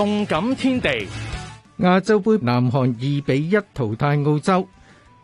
動感天地，亞洲盃南韓二比一淘汰澳洲。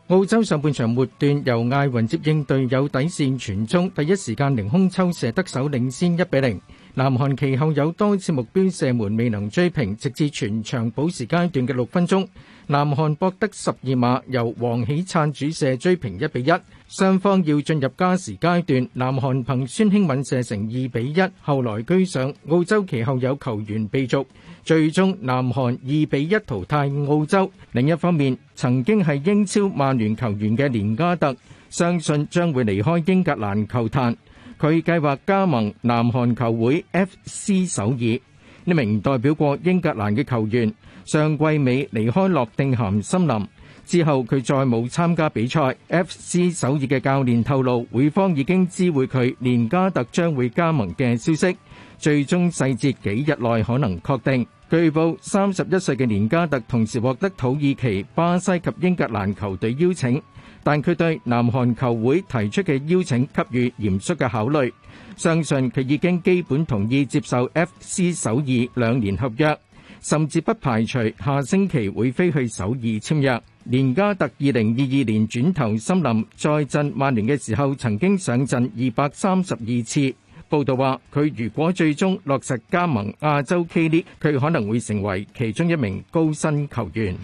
澳洲上半場末段由艾雲接應隊友底線傳中，第一時間凌空抽射得手，領先一比零。南韓其後有多次目標射門，未能追平，直至全場補時階段嘅六分鐘，南韓搏得十二碼，由黃喜燦主射追平一比一，雙方要進入加時階段。南韓憑孫興慜射成二比一，後來居上。澳洲其後有球員被逐，最終南韓二比一淘汰澳洲。另一方面，曾經係英超曼聯球員嘅連加特，相信將會離開英格蘭球壇。佢計劃加盟南韓球會 FC 首爾。呢名代表過英格蘭嘅球員，上季尾離開洛定咸森林之後，佢再冇參加比賽。FC 首爾嘅教練透露，會方已經知會佢連加特將會加盟嘅消息，最終細節幾日內可能確定。據報，三十一歲嘅連加特同時獲得土耳其、巴西及英格蘭球隊邀請。但佢對南韓球會提出嘅邀請給予嚴肅嘅考慮，相信佢已經基本同意接受 FC 首爾兩年合約，甚至不排除下星期會飛去首爾簽約。連加特2022年轉投森林，再陣曼聯嘅時候，曾經上陣232次。報道話佢如果最終落實加盟亞洲 K League，佢可能會成為其中一名高薪球員。